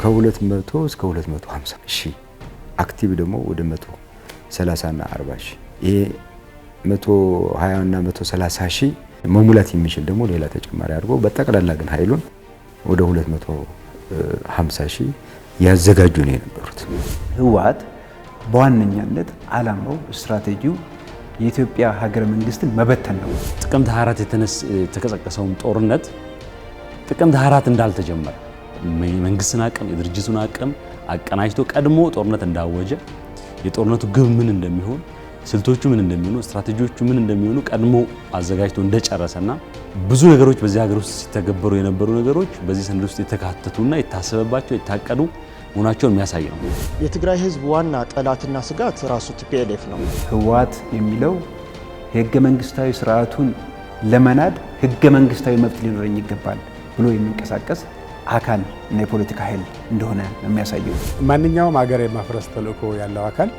ከ200 እስከ 250 ሺ አክቲቭ ደግሞ ወደ 130 እና 40 ሺ ይሄ 120 እና 130 ሺህ መሙላት የሚችል ደግሞ ሌላ ተጨማሪ አድርጎ በጠቅላላ ግን ኃይሉን ወደ 250 ሺህ ያዘጋጁ ነው የነበሩት። ህወሓት በዋነኛነት አላማው ስትራቴጂው የኢትዮጵያ ሀገረ መንግስትን መበተን ነው። ጥቅምት 24 የተቀሰቀሰውን ጦርነት ጥቅምት 24 እንዳልተጀመረ የመንግስትን አቅም የድርጅቱን አቅም አቀናጅቶ ቀድሞ ጦርነት እንዳወጀ የጦርነቱ ግብ ምን እንደሚሆን ስልቶቹ ምን እንደሚሆኑ ስትራቴጂዎቹ ምን እንደሚሆኑ ቀድሞ አዘጋጅቶ እንደጨረሰና ብዙ ነገሮች በዚህ ሀገር ውስጥ ሲተገበሩ የነበሩ ነገሮች በዚህ ሰነድ ውስጥ የተካተቱና የታሰበባቸው የታቀዱ መሆናቸውን የሚያሳይ ነው። የትግራይ ህዝብ ዋና ጠላትና ስጋት ራሱ ቲፒኤልኤፍ ነው። ህወሓት የሚለው የህገ መንግስታዊ ስርዓቱን ለመናድ ህገ መንግስታዊ መብት ሊኖረኝ ይገባል ብሎ የሚንቀሳቀስ አካል እና የፖለቲካ ኃይል እንደሆነ የሚያሳየው። ማንኛውም ሀገር የማፍረስ ተልእኮ ያለው አካል